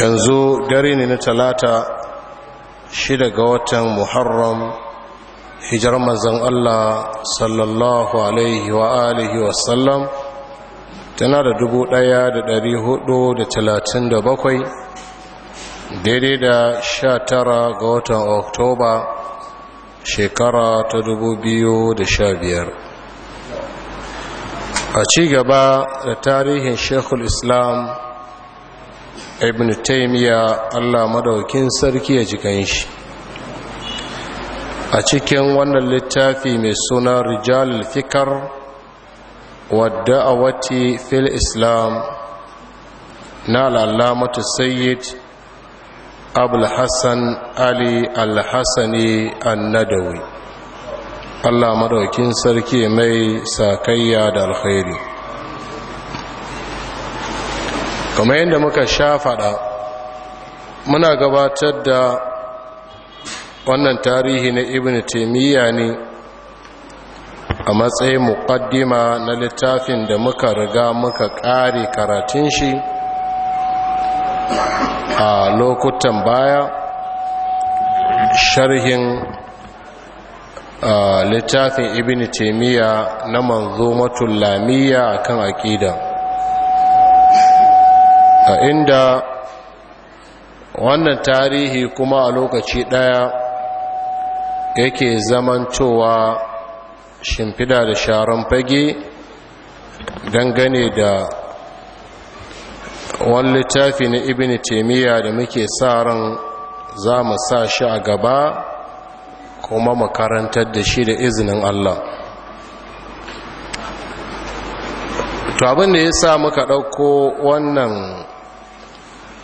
yanzu dare ne na talata shida ga watan muharram hijar mazan allah sallallahu alaihi wa alihi wasallam tana da dubu ɗaya da dari hudu da talatin da bakwai daidai da sha tara ga watan oktoba shekara ta dubu biyu da sha biyar a ci gaba da tarihin shekul islam ibn taimiyya allah madaukin sarki ya jikan shi a cikin wannan littafi mai suna rijal fikar wadda a wati fil islam na lalamata sayyid abul hassan ali al-hassani an Allah madaukin sarki mai sakayya da alkhairi kamar yadda muka sha fada muna gabatar da wannan tarihi na ibn taimiyya ne a matsayin muqaddima na littafin da muka riga muka kare karatun shi a lokutan baya sharhin littafin ibn taimiyya na manzomatul lamiyya kan aƙida. a inda wannan tarihi kuma a lokaci daya yake zamantowa shimfida da sharon fage dangane da wani littafi na ibn taimiyya da muke sa ran za mu sa shi a gaba kuma makarantar da shi da izinin Allah to abin da ya sa muka ɗauko wannan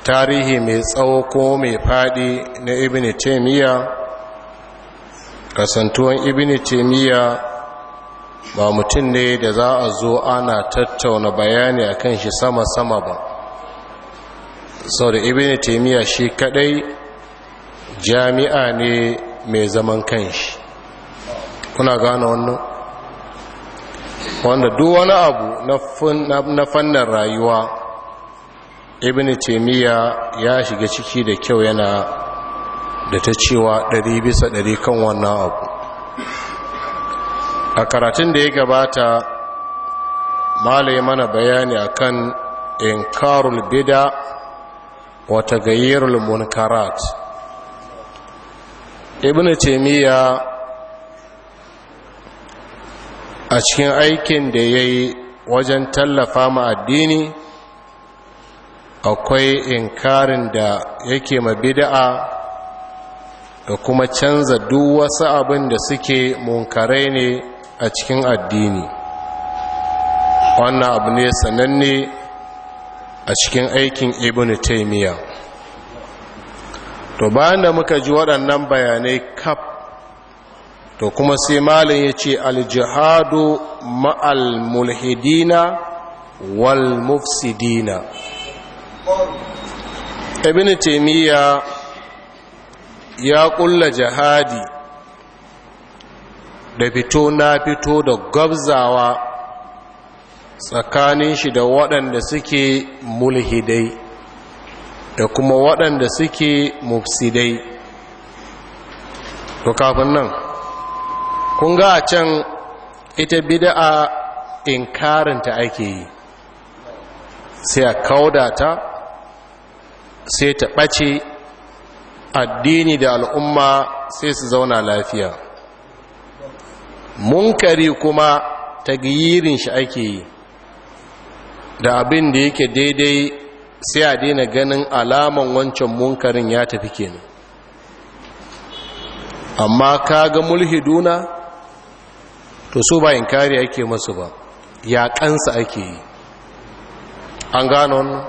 tarihi mai tsawo ko mai faɗi na ibini taimiyya kasantuwan ibini taimiyya ba mutum ne da za a zo ana tattauna bayani akan shi sama-sama ba sau da ibini taimiyya shi kaɗai jami'a ne mai zaman kanshi kuna gane wannan wanda duk wani abu na fannin rayuwa ibn taimiyya ya shiga ciki da kyau yana da ta cewa ɗari bisa ɗari kan wannan abu a karatun da ya gabata malaye mana bayani akan inkarul bida wata gayyarul munkarat ibn taimiyya a cikin aikin da ya yi wajen tallafa ma addini akwai inkarin da yake ma bid'a da kuma canza duk wasu abin da suke munkarai ne a cikin addini wannan abu ne sananne a cikin aikin ibn taimiyya to bayan da muka ji waɗannan bayanai kaf to kuma sai malin ya ce aljihadu ma'al mulhidina wal mufsidina ibn taimiyya ya ƙulla jihadi da fito na fito da gabzawa tsakanin shi da waɗanda suke mulhidai da kuma waɗanda suke mufsidai to kafin nan kun ga a can ita bida'a inkarinta ake yi sai a kaudata sai ta ɓace addini da al'umma sai su zauna lafiya munkari kuma ta giyirin shi ake yi da abin da yake daidai sai a daina ganin alaman wancan munkarin ya tafi kenan amma kaga mulhiduna to so ba inkari ake masu ba ya kansa ake yi an gano wannan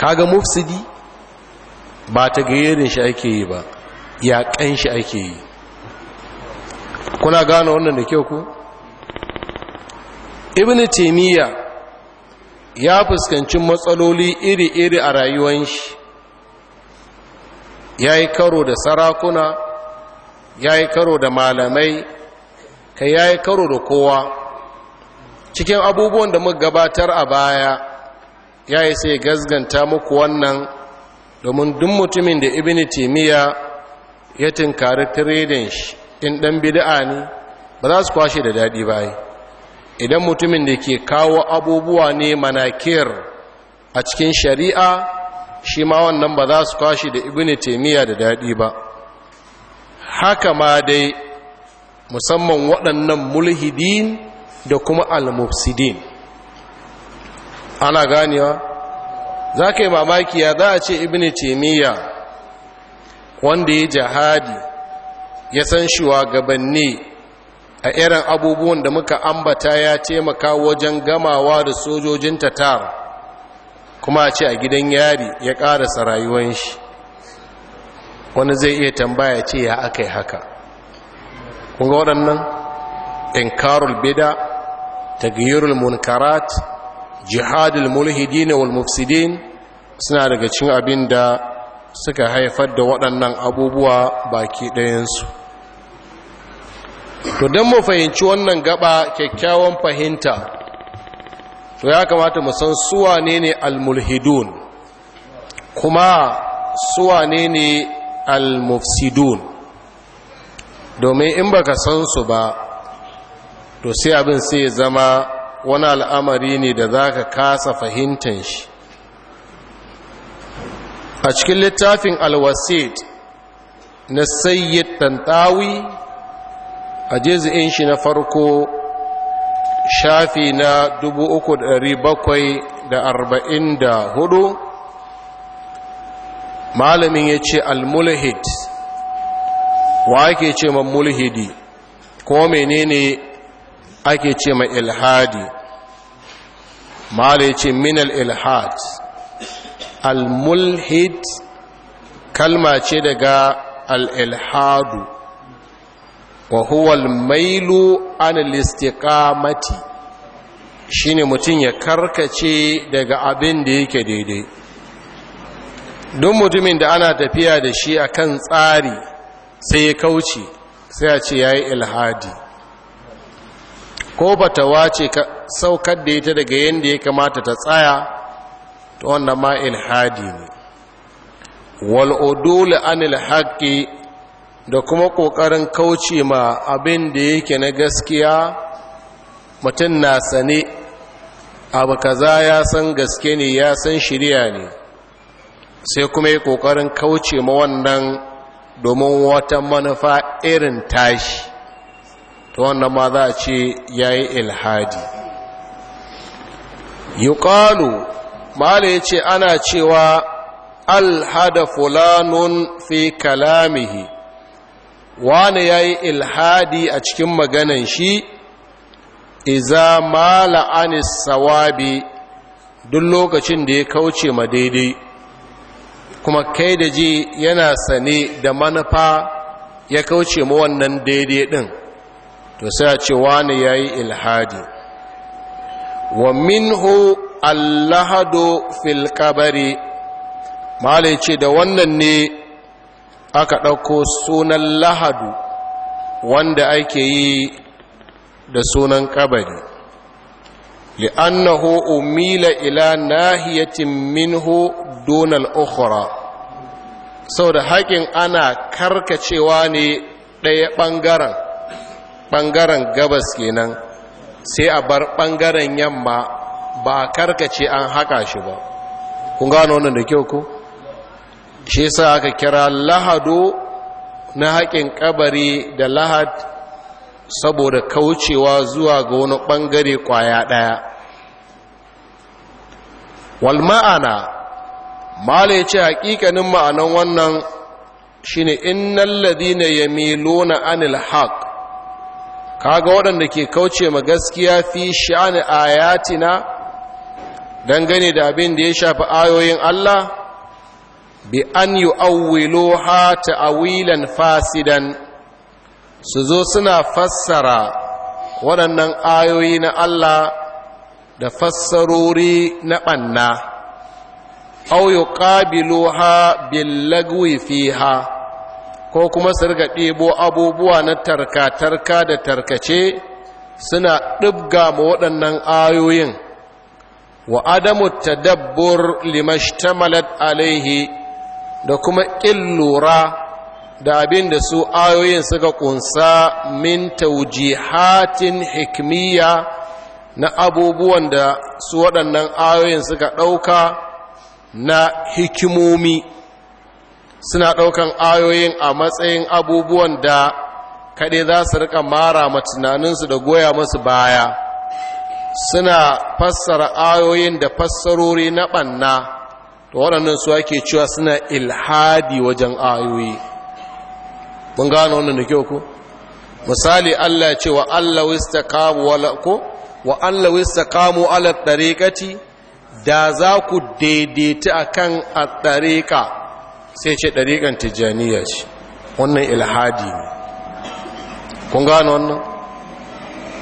kaga mufsidi ba ta gayyarin shi ake yi ba ya kan shi ake yi kuna gano wannan da kyau ku ibn taimiyya ya fuskanci matsaloli iri-iri a rayuwan shi ya yi karo da sarakuna ya yi karo da malamai ka ya yi karo da kowa cikin abubuwan da muka gabatar a baya ya yi sai gazganta muku wannan domin duk mutumin da ibini timiya ya tinkari tiredin shi in ɗan bid'a ne ba za su kwashe da daɗi bayi idan mutumin da ke kawo abubuwa ne manakir a cikin shari'a shi ma wannan ba za su kwashi da ibini temiya da daɗi ba haka ma dai musamman waɗannan mulhidin da kuma almufsidin ana ganewa za ka yi mamaki ya za a ce ibini temiya wanda ya jihadi ya san shugabanni a irin abubuwan da muka ambata ya taimaka wajen gamawa da sojojin tatar kuma a ce a gidan yari ya ƙarasa rayuwan shi wani zai iya tambaya ce ya aka yi haka kunga waɗannan inkarul bida tagayyarul munkarat jihadul mulhidin wal mufsidin suna daga cin abin da suka haifar da waɗannan abubuwa baki ɗayansu to don mu fahimci wannan gaba kyakkyawan fahimta to ya kamata mu san suwa ne ne al al-mulhidun kuma suwa ne ne al al-mufsidun domin in baka san su ba to sai abin sai ya zama wani al'amari ne da za ka kasa fahimtan shi a cikin littafin alwaset na sayyid tantawi a jiz'in shi na farko shafi na 3744 malamin ya ce al-mulhid wa ake ce ma mulhidi ko menene ake ce ma ilhadi malai ce min al-ilhad al-mulhid kalma ce daga al-ilhadu wa huwal mailu an listiqamati shine mutum ya karkace daga abin da yake daidai Don mutumin da ana tafiya da shi akan tsari sai ya kauce sai ya ce yayi ilhadi ko batawa ce ka saukar da ita daga yanda ya kamata ta tsaya To wannan ma ilhadi ne udul an ilhaqi da kuma ƙoƙarin kauce ma abin da yake na gaskiya mutum na sane abu kaza ya san gaske ne ya san shirya ne sai kuma yi ƙoƙarin kauce ma wannan domin wata manufa irin tashi ta wannan ma za a ce ya yi ilhadi Yukalu ƙalu mala ya ce ana cewa alhada fulanun fi kalamihi wane ya yi ilhadi a cikin maganan shi iza ma anis sawabi duk lokacin da ya kauce ma daidai kuma kai da ji yana sane da manufa ya kauce ma wannan daidai din to sai a ce wane ya yi ilhadi wa minhu allahado filkabari. kabari ce da wannan ne aka ɗauko sunan lahadu wanda ake yi da sunan ƙabari li'annahu umila ila nahiyatin minhu donal ukhra da haƙin ana karkacewa ne ɗaya ɓangaren ɓangaren gabas kenan sai a bar ɓangaren yamma ba a karkace an haƙa shi ba kun gano wannan da kyau ko? shi sa aka kira lahado na haƙin ƙabari da lahad saboda kaucewa zuwa ga wani ɓangare ƙwaya ɗaya wal ma'ana mala ya ce haƙiƙanin ma'anan wannan shine innal ladina yamiluna anil haqq kaga waɗanda ke kauce ma gaskiya fi sha'ani ayatina dangane da abin da ya shafi ayoyin Allah bi an yi awwilo ha ta'awilan fasidan su zo suna fassara waɗannan ayoyi na Allah da fassarori na ɓanna au yi ƙabilo ha billagwi fi ha ko kuma su riga ɗebo abubuwa na tarka-tarka da tarkace suna ɗibga ma waɗannan ayoyin wa adamu tadabbur limashitamalat alaihi da kuma ƙin lura da abin da su ayoyin suka ƙunsa min taujihatin hikmiya na abubuwan da su waɗannan ayoyin suka ɗauka na hikimomi suna ɗaukan ayoyin a matsayin abubuwan da kaɗai za su riƙa mara ma tunaninsu da goya masu baya suna fassara ayoyin da fassarori na ɓanna waɗannan su ake cewa suna ilhadi wajen ayoyi mun gano wannan da kyau ku misali Allah ce wa Allah kamu wala ko wa Allah kamu ala tariqati da za ku daidaita akan at-tariqa sai ce tariqan tijaniya ce wannan ilhadi ne kun gano wannan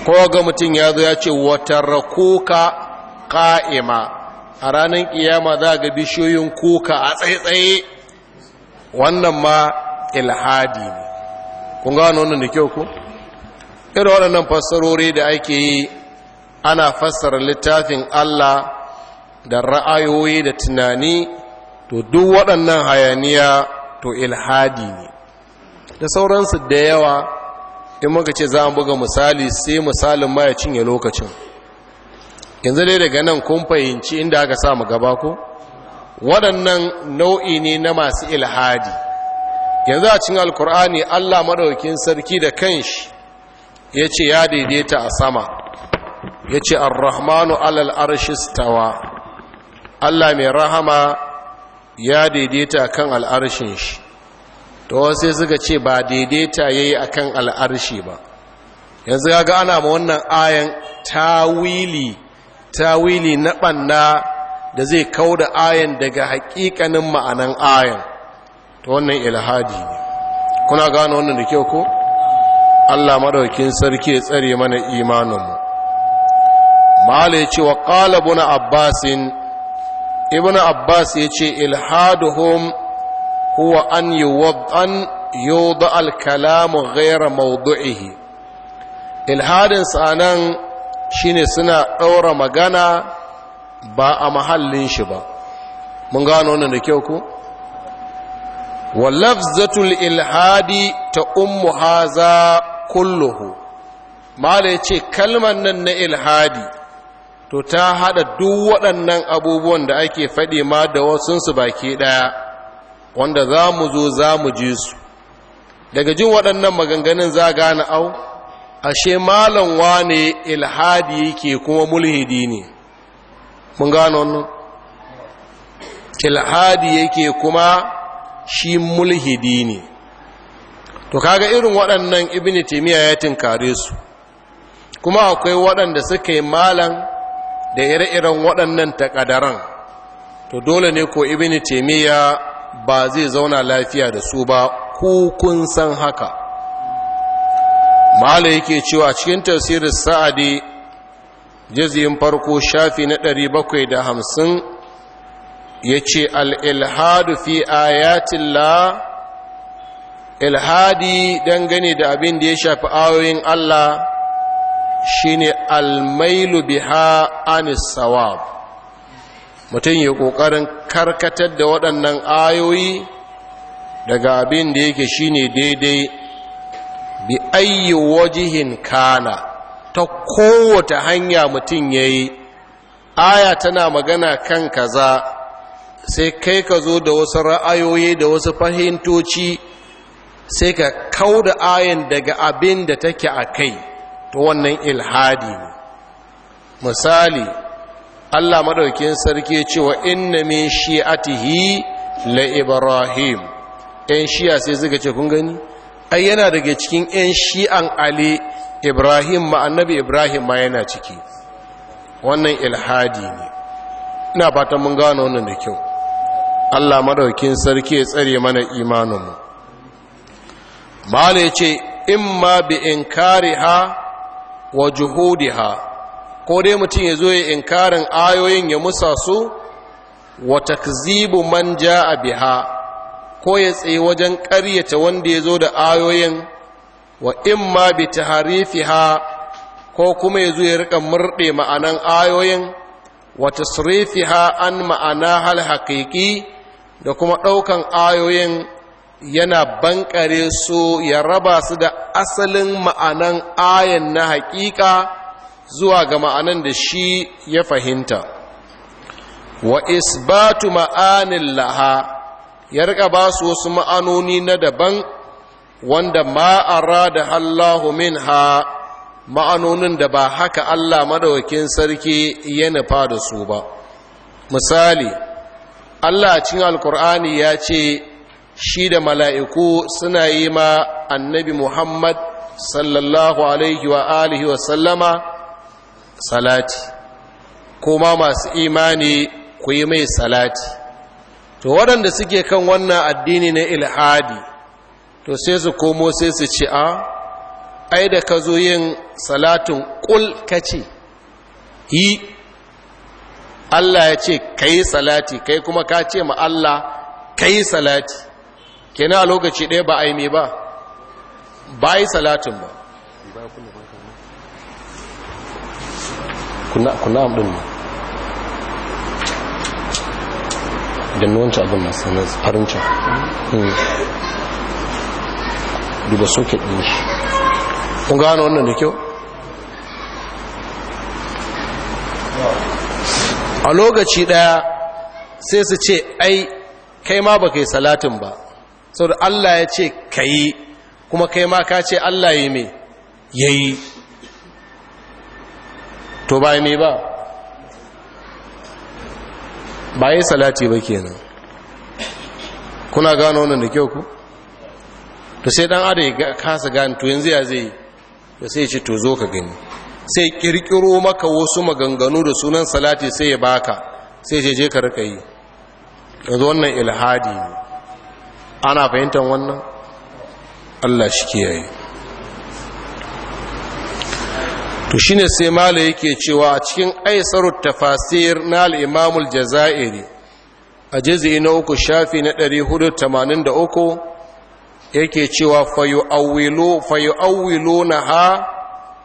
ko ga mutum ya zo ya ce wa tarakuka qa'ima a ranar kiyama za ga bishiyoyin kuka a tsaye-tsaye wannan ma ilhadi ne kun gano wannan da kyau ko irin waɗannan fassarori da ake yi ana fassara littafin Allah da ra'ayoyi da tunani to duk waɗannan hayaniya to ilhadi ne da sauransu da yawa in muka ce za mu buga misali sai misalin ma ya cinye lokacin yanzu dai daga nan kun fahimci inda aka samu gaba ko waɗannan nau'i ne na masu ilhadi yanzu a cikin alkur'ani allah maɗaukin sarki da kanshi ya ce ya daidaita a sama ya ce arrahmanu alal arshistawa allah mai rahama ya daidaita kan al'arshin shi to sai suka ce ba daidaita ya yi a kan al'arshi ba yanzu ga ana ma wannan ayan tawili tawili na ɓanna da zai kau da ayan daga haƙiƙanin ma'anan ayan ta wannan ilhadi ne kuna gano wannan da kyau ko allah maɗaukin sarki ya tsare mana imaninmu ma'ala ya ce wa ƙalabuna abbasin ibn abbas ya ce ilhaduhum huwa an yi wadan yau da alkalamu gaira maudu'ihi ilhadinsa nan shine suna ɗaura magana ba a mahallin shi ba mun gano wannan da kyau ko walafzatul ilhadi ta ummu haza kulluhu mala ya ce kalmar nan na ilhadi to ta hada duk waɗannan abubuwan da ake faɗi ma da wasunsu baki ɗaya wanda za mu zo za mu ji su daga jin waɗannan maganganun za gane au ashe malam wane ilhadi yake kuma mulhidi ne mun gano wannan ilhadi yake kuma shi mulhidi ne to kaga irin waɗannan ibn taymiya ya tinkare su kuma akwai waɗanda suka yi malam da ire-iren waɗannan takadaran to dole ne ko ibn taymiya ba zai zauna lafiya da su ba ku kun san haka mala yake cewa cikin tafsirin sa'adi jaziyin farko shafi na 750 ya ce al'ilhadu fi ayatilla ilhadi dangane da abin da ya shafi ayoyin Allah shine almailu biha anis sawab mutum ya ƙoƙarin karkatar da waɗannan ayoyi daga abin da yake shine daidai ayyi wajihin kana ta kowace hanya mutum ya yi aya tana magana kan kaza sai kai ka zo da wasu ra'ayoyi da wasu fahimtoci sai ka kau da ayan daga abin da take a kai ta wannan ilhadi misali allah maɗaukin sarki cewa inna min shi'atihi la ibrahim 'yan shiya sai suka ce kun gani ai yana daga cikin 'yan shi'an ali ibrahim ma annabi ibrahim ma yana ciki wannan ilhadi ne ina fatan mun gano wannan da kyau allah madaukin sarki ya tsare mana imaninmu mala ya ce imma bi inkari ha wa juhudi ha ko dai mutum ya zo ya inkarin ayoyin ya musa su wa takzibu man ja'a biha ko ya tsaye wajen ƙaryata wanda ya zo da ayoyin wa ma bi taharifiha ko kuma ya zo ya rika murɗe ma'anan ayoyin wa tasrifiha an ma'ana hal haƙiƙi da kuma ɗaukan ayoyin yana bankare su ya raba su da asalin ma'anan ayan na haƙiƙa zuwa ga ma'anan da shi ya fahimta wa isbatu ma'anin laha ya rika ba su wasu ma'anoni na daban wanda ma'ara da Allahu min ha ma'anonin da ba haka Allah madawakin sarki ya nufa da su ba misali Allah cin alkur'ani ya ce shi da mala'iku suna yi ma annabi Muhammad sallallahu alaihi wa alihi wa sallama salati kuma masu imani ku yi mai salati to waɗanda suke kan wannan addini na ilhadi to sai su komo sai su ci a ai da ka zo yin salatin ƙul ka ce yi Allah ya ce ka yi salati kai kuma ka ce ma Allah ka yi salati Kina lokaci ɗaya ba a yi ba ba yi salatin ba kuna ba jannu wancan abin masu sanar farin can hmm. duba soket ɗin shi kun gano wannan da kyau a lokaci ɗaya sai su ce ai kai ma ba kai salatin ba sau da Allah ya ce ka yi kuma kai ma ka ce Allah ya mai ya yi to ba mai ba ba yi salati ba kenan kuna gano wannan da kyau ku to sai dan adam ya kasa gane to yanzu ya zai ya sai ya ce to zo ka gani sai kirkiro maka wasu maganganu da sunan salati sai ya baka sai ya je ka rika yi yanzu wannan ilhadi ne ana fahimtar wannan Allah shi kiyaye to shine sai mala yake cewa a cikin aisarut tafasir na al-imamul jazairi a jizi na uku shafi na ɗari tamanin da uku yake cewa fayu na ha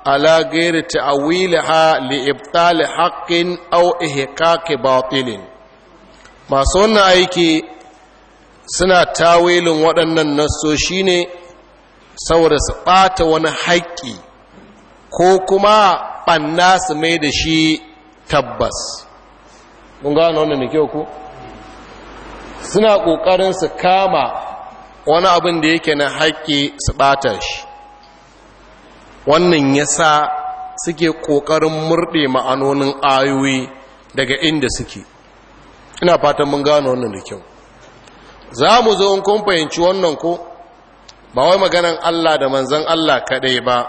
ala gairi ta'awilaha ha ibtali haqqin aw ihqaqi batilin masu wannan aiki suna tawilin waɗannan naso shi ne saboda su ɓata wani haƙƙi ko kuma ɓanna su mai da shi tabbas mun gano wannan da kyau ko suna ƙoƙarin su kama wani abin da yake na haƙƙi su ɓata shi wannan ya sa suke ƙoƙarin murɗe ma'anonin ayoyi daga inda suke ina fatan mun gano wannan da kyau za mu zo in kun fahimci wannan ko ba wai maganan Allah da manzan Allah kaɗai ba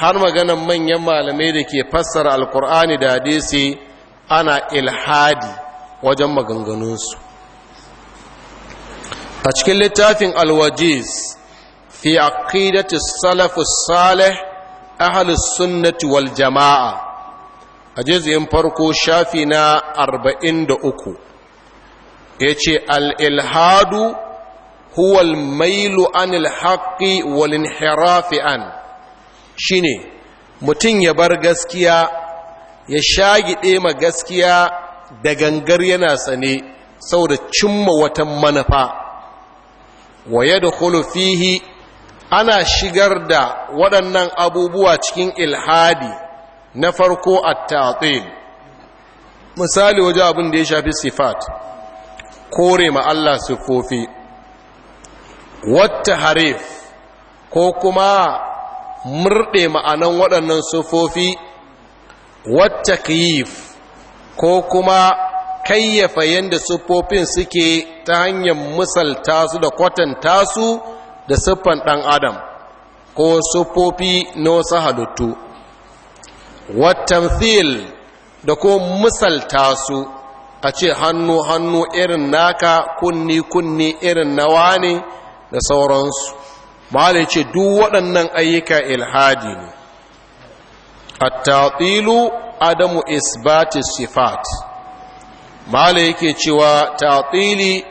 har maganan manyan malamai da ke fassara alkur'ani da hadisi ana ilhadi wajen maganganunsu a cikin littafin alwajiz fi aqidati salafus salih ahlus sunnati wal jama'a a jizyin farko shafi na 43 yace al ilhadu huwa al mailu an haqqi wal inhirafi an shine mutum ya bar gaskiya ya shagide ma gaskiya da gangar yana sane saboda cimma watan manufa wa yadkhulu fihi ana shigar da waɗannan abubuwa cikin ilhadi na farko a tatil misali waje abin da ya shafi sifat kore ma Allah sifofi wata harif ko kuma murɗe ma'anan waɗannan sufofi wata kayif ko kuma kayyafa yadda siffofin suke ta hanyar misalta su da kwatanta su da siffan ɗan adam ko siffofi na wasu halittu watanfil da ko misalta su a ce hannu hannu irin naka kunni kunni irin nawa ne da sauransu da ce duk waɗannan ayyuka ilhadi ne a adamu isbati sifat mala yake cewa ta'tili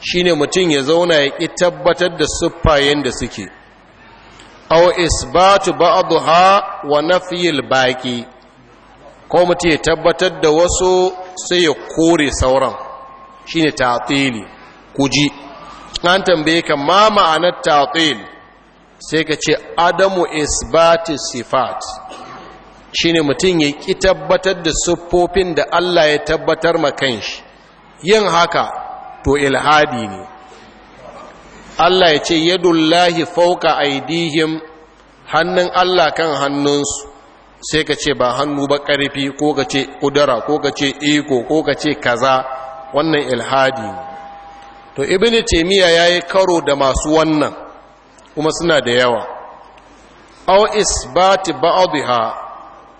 shine mutum ya zauna ya ƙi tabbatar da siffayen da suke aw isbatu ba'daha wa al baqi ko mutum ya tabbatar da wasu sai ya kore sauran shine ta'tili kuji an tambaye ka ma ma'anar ta'til sai ka ce adamu isbati sifat shine mutum ya ƙi tabbatar da siffofin da Allah ya tabbatar ma shi, yin haka to ilhadi ne Allah ya ce yadullahi fauka aidihim hannun Allah kan hannunsu sai ka ce ba hannu ba ƙarfi ko ka ce ƙudura ko ka ce iko ko ka ce kaza wannan ilhadi ne to ibn ya yi karo da masu wannan kuma suna da yawa aw isbat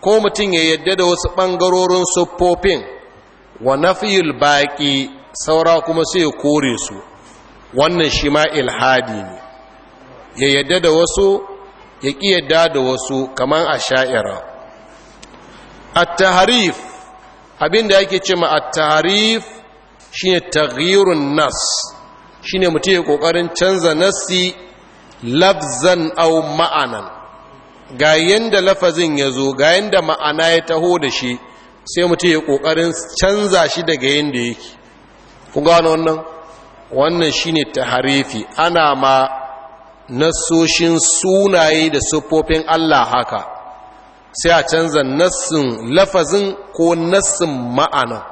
ko mutum ya yadda da wasu ɓangarorin siffofin wa nafiyul baƙi saura kuma sai ya kore su wannan shi ma ilhadi ne ya yadda da wasu ya ƙi yadda da wasu kamar a sha'ira A taharif abinda yake ce ma a taharif shine taghirun nas shine mutum ya ƙoƙarin canza nasi lafzan au ma'anan ga yanda lafazin ya zo ga yanda ma'ana ya taho da shi sai mutum ya ƙoƙarin canza shi daga yanda yake ku gano wannan wannan shi ne ta harifi. ana ma nassoshin sunaye da siffofin Allah haka sai a canza nassin lafazin ko nassin ma'ana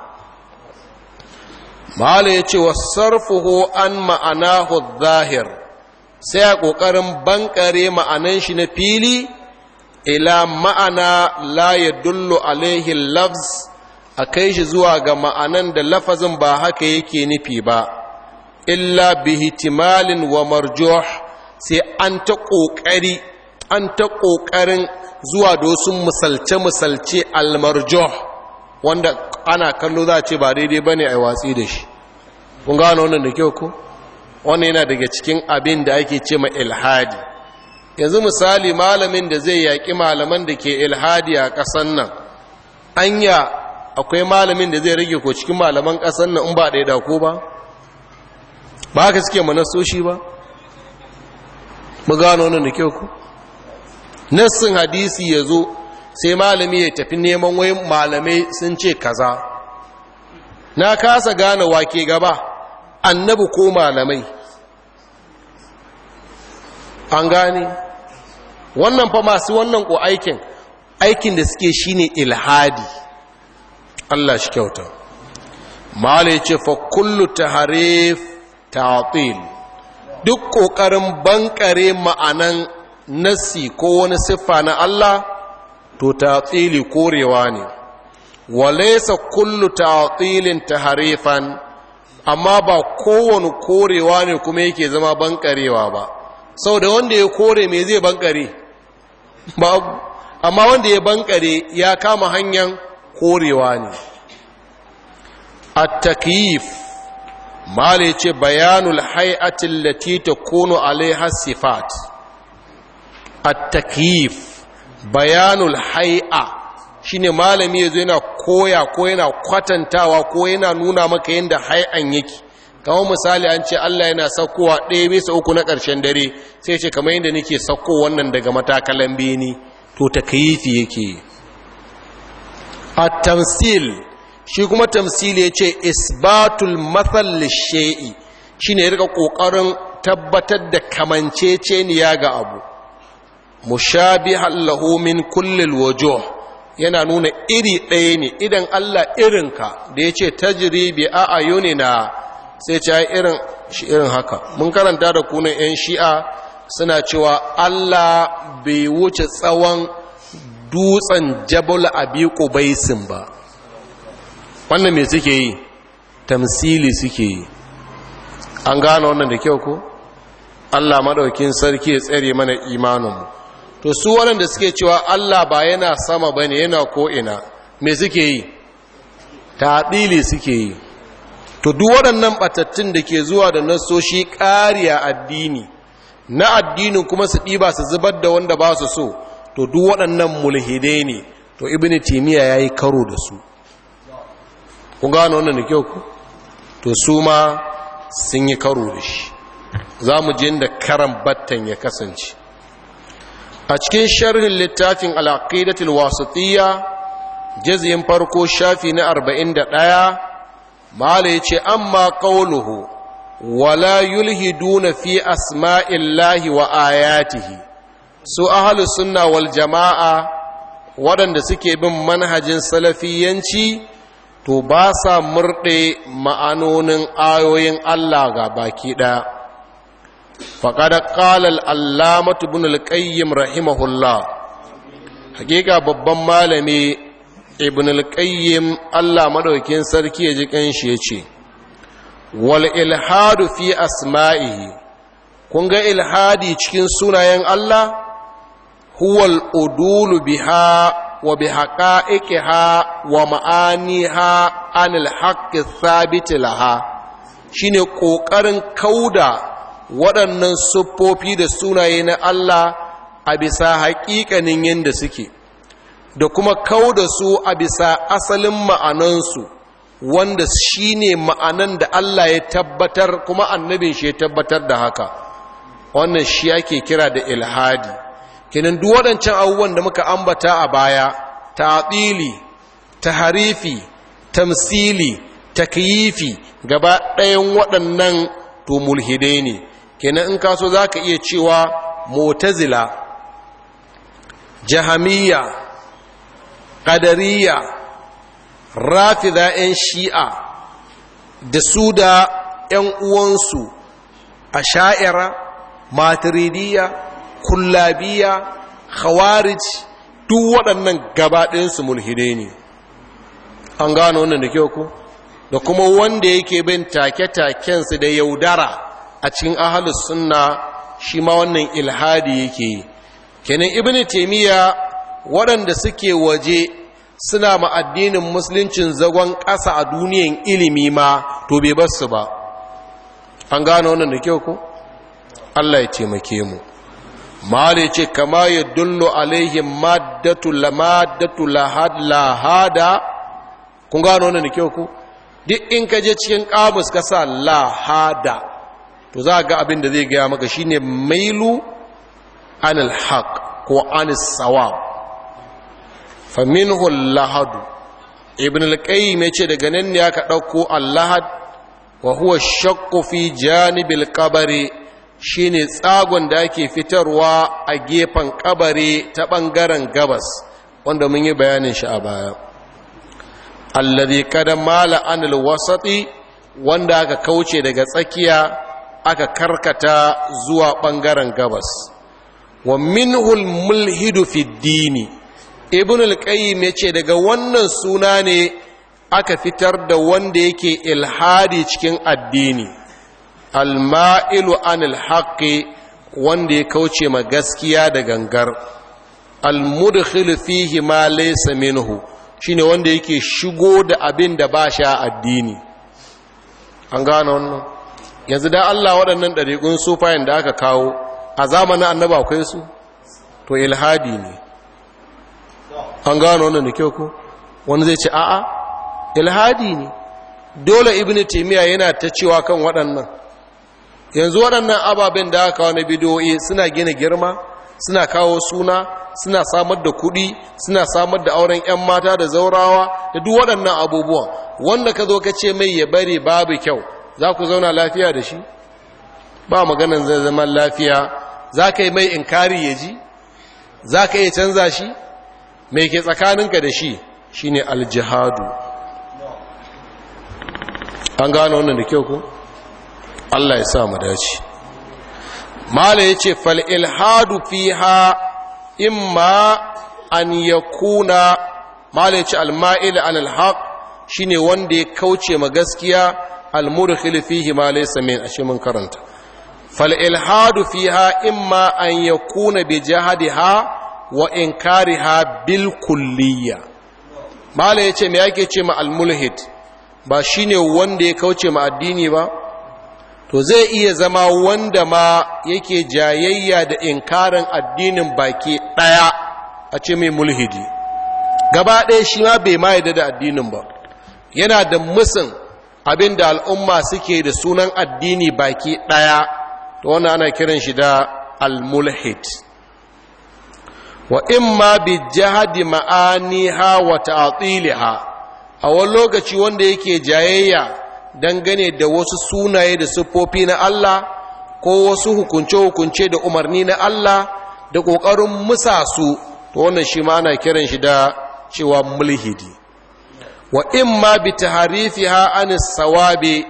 mahala ya ce wa sarfuhu an ma'ana zahir sai a ƙoƙarin bankare ma'anan shi na fili ila ma'ana la ya dullu alaihi lafz a kai shi zuwa ga ma'anan da lafazin ba haka yake nufi ba illa bihitimalin wa marjuh sai an ta ƙoƙari an ta ƙoƙarin zuwa da wasu misalce-misalce almarjuh wanda ana kallo za a ce ba daidai ba ne a watsi da shi kun gano wannan da kyau ko wannan yana daga cikin abin da ake ce ma ilhadi yanzu misali malamin da zai yaƙi malaman da ke ilhadi a ƙasan nan anya akwai malamin da zai rage ko cikin malaman ƙasan nan in ba ɗaya dako ba ba haka suke nasoshi ba mu gano nan da kyau ku nassin hadisi ya zo sai malami ya tafi neman wai malamai sun ce kaza na kasa gane wake gaba annabi ko malamai an gane wannan fa masu wannan ko aikin aikin da suke shine ilhadi Allah shi kyauta mala yace fa kullu taharif ta'til duk kokarin bankare ma'anan nasi ko wani siffa na Allah to ta'tili korewa ne walaysa kullu ta'tilin taharifan amma ba kowane korewa ne kuma yake zama bankarewa ba sau da wanda ya kore me zai bankare babu amma wanda ya bankare ya kama hanyar korewa ne at-takyif mala yace bayanul hai'atin latita kono alaiha sifat at bayanul hay'a shine malami yazo yana koya ko yana kwatantawa ko yana nuna maka yanda hay'an yake kawo misali an ce Allah yana saukowa ɗaya bisa uku na ƙarshen dare sai ce kamar yadda nake sauko wannan daga matakalan beni to ta takayifi yake a tamsil shi kuma tamsil ya ce isbatul mathal shay'i shi ya rika ƙoƙarin tabbatar da kamanceceniya ga abu mushabihan hallahu min kullil wajo yana nuna iri ɗaya ne idan Allah irinka da ya ce tajiri bi a na. sai ce ya irin shi irin haka mun karanta da kunan yan shi'a suna cewa Allah bai wuce tsawon dutsen jabal abi baisin ba wannan me suke yi tamsili suke yi an gane wannan da kyau ko Allah madaukin sarki ya tsare mana imaninmu to su waɗanda suke cewa Allah ba yana sama ba ne, yana ko'ina. mai me suke yi taɗili suke yi to duk waɗannan batattun da ke zuwa da nasoshi ƙariya addini na addinin kuma su ɗiba su zubar da wanda ba su so to duk waɗannan mulhidai ne to ibn timiya ya yi karo da su ku gano wannan da kyau ku to su ma sun yi karo da shi za mu je da karan battan ya kasance a cikin sharhin littafin al'aqidatul wasatiyya jaz'in farko shafi na ɗaya. mala yace amma ƙaunuhu, wala yulhiduna fi asma'illahi wa ayatihi su ahlus sunna wal jama'a waɗanda suke bin manhajin salafiyanci to ba sa murɗe ma'anonin ayoyin Allah ga baki ɗaya faƙada ƙalal allamatu bin alƙayyim rahimahullah hakika babban malami ibn al-qayyim Allah madaukin sarki ya ji kanshi ya ce wal ilhadu fi asma'ihi kun ga ilhadi cikin sunayen Allah huwal udulu biha wa bi haqa'iqiha wa ma'aniha anil haqqi thabit laha shine kokarin kauda waɗannan siffofi da sunaye na Allah a bisa haƙiƙanin yadda suke da kuma kau da su a bisa asalin ma'anansu wanda shi ne ma'anan da Allah ya tabbatar kuma annabin shi ya tabbatar da haka wannan shi ake kira da ilhadi Kenan duk waɗancan abubuwan da muka ambata a baya ta'atili taharifi tamsili takyifi gaba ɗayan waɗannan to mulhidai ne kenan in kaso za ka iya cewa motazila jahamiyya ƙadariya rafida 'yan shi'a da su da 'yan uwansu a sha'ira matiridiya kullabiya khawarij duk waɗannan gabaɗinsu mulhidai ne an gano wannan da kyau ku da kuma wanda yake bin take-takensu da yaudara a cikin ahalus sunna shi ma wannan ilhadi yake yi kenan ibn taimiyya waɗanda suke waje suna ma addinin musuluncin zagon ƙasa a duniyan ilimi ma to bai bar su ba an gano wannan da kyau ko Allah ya taimake mu mali ce kama ya dullo alaihim maddatu la maddatu la hada kun gano wannan da kyau ko duk in ka je cikin kamus ka sa la hada to za ga abin da zai gaya maka shine mailu anil haq ko anis sawab hul lahadu ibn al-qayyim yace daga nan ne aka dauko allahad wa huwa shaqqu fi janibil qabri shine tsagon da ake fitarwa a gefen kabari ta bangaren gabas wanda mun yi bayanin shi a baya alladhi kada mala anil wasati wanda aka kauce daga tsakiya aka karkata zuwa bangaren gabas wa minhul mulhidu fi dini ibn al-qayyim yace daga wannan suna ne aka fitar da wanda yake ilhadi cikin addini al-ma'ilu al haqqi wanda ya kauce ma gaskiya da gangar al-mudkhil fihi ma laysa minhu shine wanda yake shigo da abin da ba sha addini an gano wannan yanzu da Allah waɗannan ɗariƙun sufayen da aka kawo a zamanin annaba akwai su to ilhadi ne an gano wannan da kyau ko wani zai ce a'a ilhadi ne dole ibn taymiya yana ta cewa kan waɗannan yanzu waɗannan ababen da aka kawo na bidiyoyi suna gina girma suna kawo suna suna samar da kuɗi suna samar da auren 'yan mata da zaurawa da duk waɗannan abubuwan wanda ka zo ka ce mai ya bari babu kyau za ku zauna lafiya da shi ba maganan zai zaman lafiya za ka yi mai inkari ya ji za ka iya canza shi mai ke tsakaninka da shi Shi ne aljihadu an gano wannan da kyau ko Allah ya sa mu dace mala yace fi ha in ma an kuna mala ya al ma'il al shi ne wanda ya kauce ma gaskiya al mudkhil fihi ma laysa min mun karanta fal ha in ma an ya kuna bi ha. wa inkariha bil kulliyya mala yace me yake ce ma al ba shine wanda ya kauce ma addini ba to zai iya zama wanda ma yake jayayya da inkarin addinin baki daya a ce mai mulhidi gaba ɗaya shi ma bai ma da addinin ba yana da musun abin da al'umma suke da sunan addini baki ɗaya To wannan ana kiran shi da al-mulhid wa imma bi ma'ani ha wa ha, a wani lokaci wanda yake jayayya dangane da wasu sunaye da siffofi na Allah ko wasu hukunce-hukunce da umarni na Allah da ƙoƙarin musa su to wannan shi ma ana kiran shi da cewa mulhidi wa ma bi ha an sawabi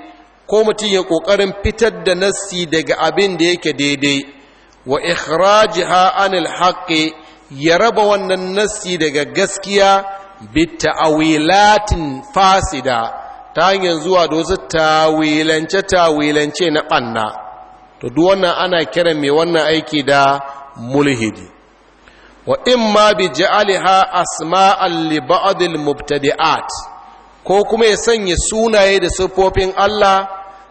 ko mutum ya ƙoƙarin fitar da nassi daga abin da yake daidai wa ikhrajiha anil haqqi ya raba wannan nassi daga gaskiya bita'awilatin fasida ta hanyar zuwa da wasu tawilance-tawilance na ɓanna to duk wannan ana kiran mai wannan aiki da mulhidi wa in ma bi ja'aliha asma'an li ba'dil mubtadi'at ko kuma ya sanya sunaye da siffofin Allah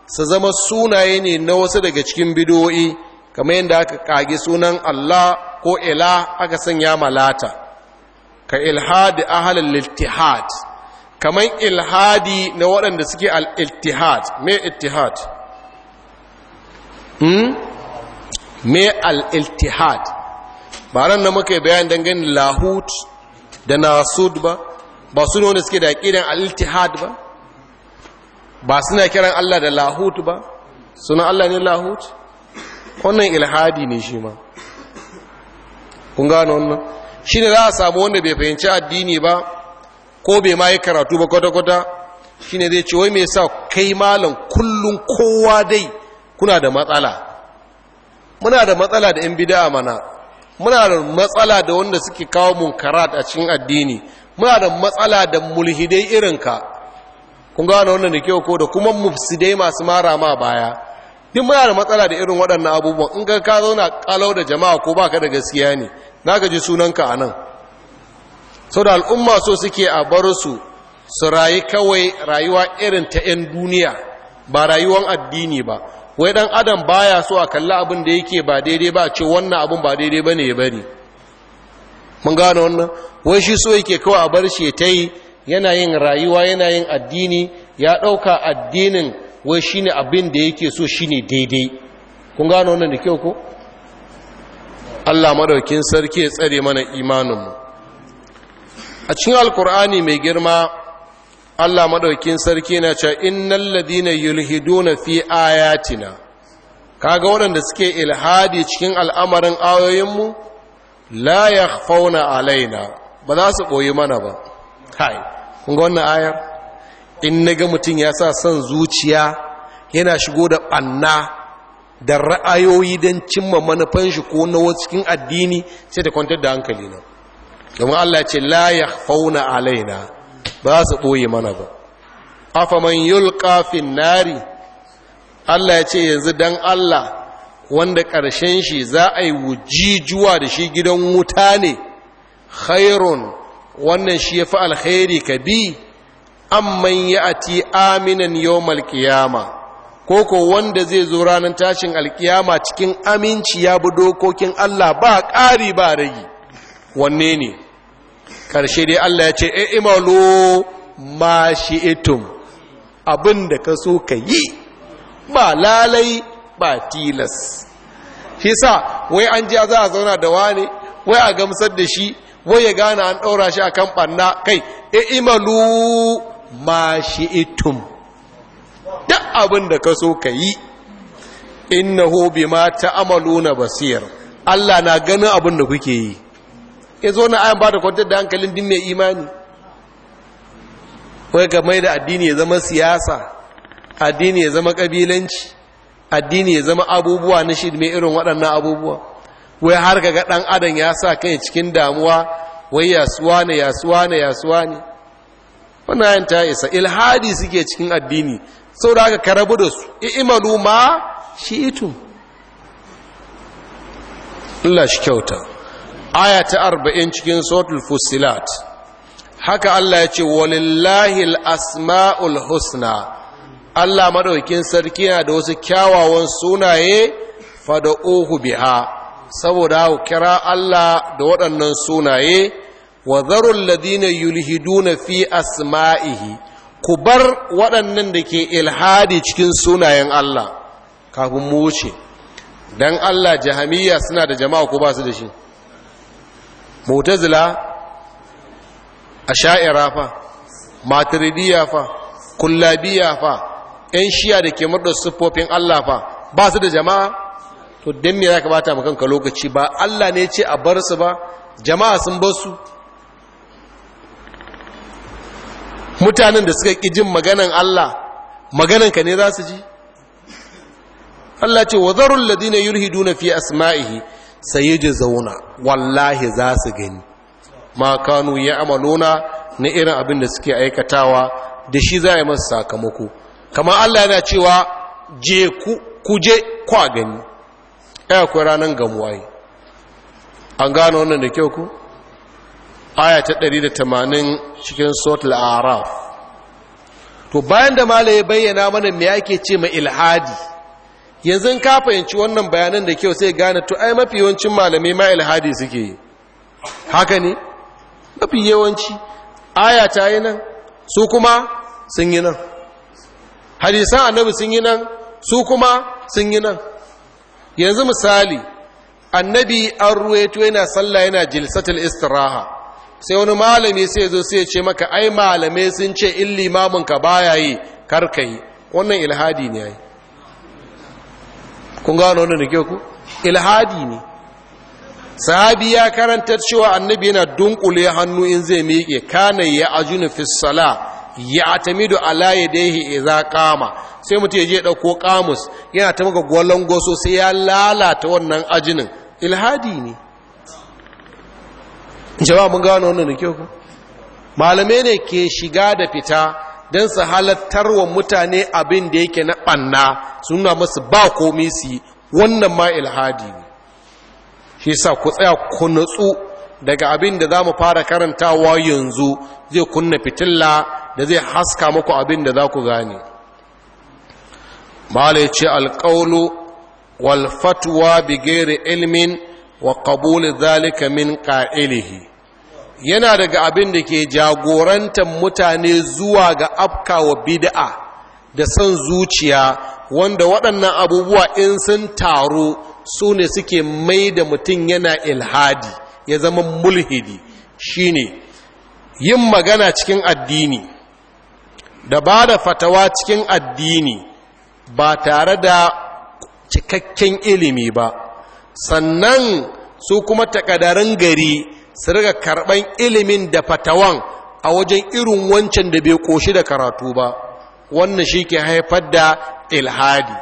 su zama sunaye ne na wasu daga cikin bidoyi kamar yadda aka kage sunan Allah ko ila aka sanya malata ka ilhadi ahalin littihad kamar ilhadi na waɗanda suke al iltihad me iltihad hmm? me al iltihad ba ran na muka bayan dangane lahut da nasud ba ba su ne wanda suke da aƙidan al iltihad ba ba suna kiran Allah da lahut ba suna Allah ne lahut wannan ilhadi ne shi ma kun gano wannan shi ne za a samu wanda bai fahimci addini ba ko bai ma yi karatu ba kwata-kwata shi ne zai ce wai mai sa kai malam kullum kowa dai kuna da matsala muna da matsala da 'yan bida mana muna da matsala da wanda suke kawo munkarat a cikin addini muna da matsala da mulhidai irinka kun gano wannan da kyau ko da kuma mufsidai masu mara ma baya duk muna da matsala da irin waɗannan abubuwan in ga ka zauna kalau da jama'a ko baka da gaskiya ne na gaji sunanka a nan sau da al'umma so suke a bar su su rayu kawai rayuwa irin ta 'yan duniya ba rayuwan addini ba wai dan adam baya so a kalli abin da yake ba daidai ba ce wannan abin ba daidai ba ne ya bari mun gano wannan wai shi so yake kawai a bar shi ta yi yana yin rayuwa yana yin addini ya ɗauka addinin wai shi ne abin da yake so shi ne daidai kun gano wannan da kyau ko Allah madaukin sarki ya tsare mana imaninmu a cikin alkur'ani mai girma Allah maɗaukin sarki na ce, cewa innal ladina yulhiduna fi ayatina kaga waɗanda suke ilhadi cikin al'amarin ayoyinmu la ya fauna alaina ba za su ɓoyi mana ba kai kun ga wannan ayar in na ga mutum ya sa son zuciya yana shigo da ɓanna da ra'ayoyi don cimma manufan shi ko na cikin addini sai ta kwantar da hankali na domin Allah ce la ya fauna alaina ba su ɓoye mana ba afaman yul kafin nari Allah ya ce yanzu don Allah wanda ƙarshen shi za a yi wujijuwa da shi gidan wuta ne khairun wannan shi ya fi alkhairi ka bi amman ya ati aminan yawmal malkiyama, ko ko wanda zai zo ranar tashin alkiyama cikin aminci ya bi dokokin Allah ba ƙari ba ragi wanne ne karshe dai Allah ya ce e imalo ma itum abin da ka so ka yi ba lalai ba tilas shi sa wai an ji za a zauna da wani wai a gamsar da shi wai ya gane an ɗaura shi a kan ɓanna kai e imalu ma itum. duk abin da ka so ka yi ta amalu na basir Allah na ganin abin da kuke yi yazo na ayan ba da kwantar da hankalin din mai imani wai ga mai da addini ya zama siyasa addini ya zama kabilanci addini ya zama abubuwa na shi mai irin waɗannan abubuwa wai har ga ɗan adam ya sa kai cikin damuwa wai yasuwa ne yasuwa ne yasuwa ne wannan yin ta isa ilhadi suke cikin addini sau haka aka karabu da su i'imalu ma ito Allah shi kyauta aya ta arba'in cikin sotul fusilat haka Allah ya ce walillahi al’asma’ul husna Allah maɗaukin sarki na da wasu kyawawan sunaye fada'uhu biha saboda kira Allah da waɗannan sunaye wa zarul ladina yulhiduna fi asma'ihi ku bar waɗannan da ke ilhadi cikin sunayen Allah kafin mu wuce dan Allah jahamiyya suna da jama'a ko ba su da shi mu'tazila asha'ira fa maturidiyya fa kullabiyya fa ƴan shiya da ke murda siffofin Allah fa ba su da jama'a to dan me zaka bata maka kanka lokaci ba Allah ne ya ce a bar su ba jama'a sun bar su mutanen da suka ƙi jin maganan Allah maganan ne za su ji Allah ce wa zarun ladina yulhiduna fi asma'ihi zauna, wallahi za su gani ma kanu ya'maluna na irin abin da suke aikatawa da shi za a yi masa sakamako kamar Allah yana cewa je ku kuje kwa gani ai akwai ranan gamuwaye an gano wannan da kyau ku aya ta 180 cikin sot araf to bayan da malai ya bayyana mana me ake ce ma ilhadi yanzu ka fahimci wannan bayanan da kyau sai gane to ai mafi yawancin malamai ma ilhadi suke yi haka ne mafi yawanci aya ta yi nan su kuma sun yi nan hadisan annabi sun yi nan su kuma sun yi nan yanzu misali annabi an ruwaito yana sallah yana jilsatul istiraha sai wani malami sai zo sai ce maka ai malamai sun ce in limamin ka baya yi karka yi wannan ilhadi ne ai kun gano wannan da ke ku ilhadi ne sahabi ya karanta cewa annabi yana dunkule hannu in zai miƙe kana ya ajunu fi sala ya atamidu ala yadayhi idza qama sai mutum ya je dauko kamus yana ta maka gwalangoso sai ya lalata wannan ajinin ilhadi ne jama'a mun gano wannan da kyau ku ne ke shiga da fita don su halattar wa mutane abin da yake na ɓanna suna masu ba komi su wannan ma ilhadi ne shi sa ku tsaya ku natsu daga abin da za mu fara karantawa yanzu zai kunna fitilla da zai haska muku abin da za ku gane malai ce alƙaunu walfatwa bigere ilmin wa ƙabulin zalika min ƙa'ilihi yana daga abin da ke jagorantar mutane zuwa ga afkawa bid'a da son zuciya wanda waɗannan abubuwa in sun taro su ne suke mai da mutum yana ilhadi ya zama mulhidi shine yin magana cikin addini da ba da fatawa cikin addini ba tare da cikakken ilimi ba sannan su kuma takadarin gari su riga karɓan ilimin da fatawan a wajen irin wancan da bai ƙoshi da karatu ba wannan shi ke haifar da ilhadi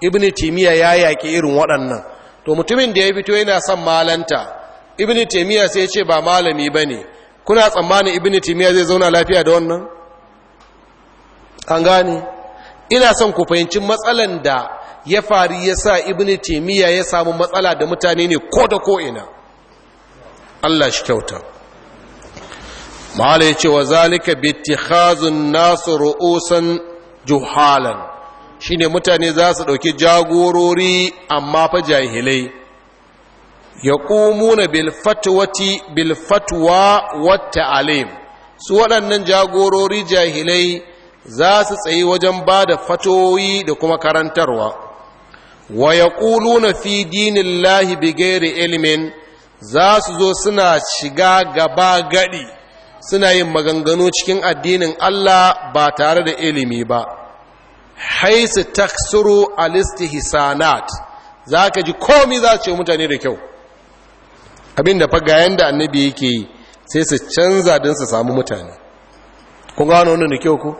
ibn timiya ya yaƙi irin waɗannan to mutumin da ya fito yana son malanta ibn timiya sai ce ba malami ba ne kuna tsammanin ibn timiya zai zauna lafiya da wannan an gane ina son ku fahimci matsalan da ya faru ya sa ibn timiya ya samu matsala da mutane ne ko da ko ina Allah shi kyauta malai ce wa zalika bittihazun nasu ru'usan juhalan ne mutane za su ɗauki jagorori amma fa jahilai ya bil fatwati bil su waɗannan jagorori jahilai za su tsayi wajen ba da fatoyi da kuma karantarwa wa na fi lahi bighairi ilmin za su zo suna shiga gaba gadi suna yin maganganu cikin addinin Allah ba tare da ilimi ba haisu taksuru hisanat za ka ji komi za ce mutane da kyau abin da faga yadda annabi yake yi sai su canza don su samu mutane kun gano wannan da kyau ku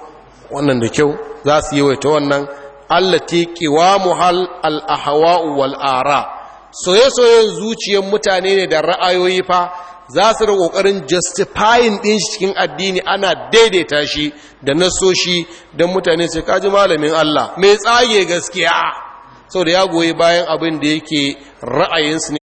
wannan da kyau za su yi waita wannan allati qiwamuhal al-ahwa'u wal-ara' soye-soyen zuciyar mutane ne da ra'ayoyi fa za su da ƙoƙarin justifayin ɗin shi cikin addini ana daidaita shi da nasoshi don mutane sai kaji malamin Allah mai tsage gaskiya sau da ya goyi bayan abin da yake ra'ayinsu ne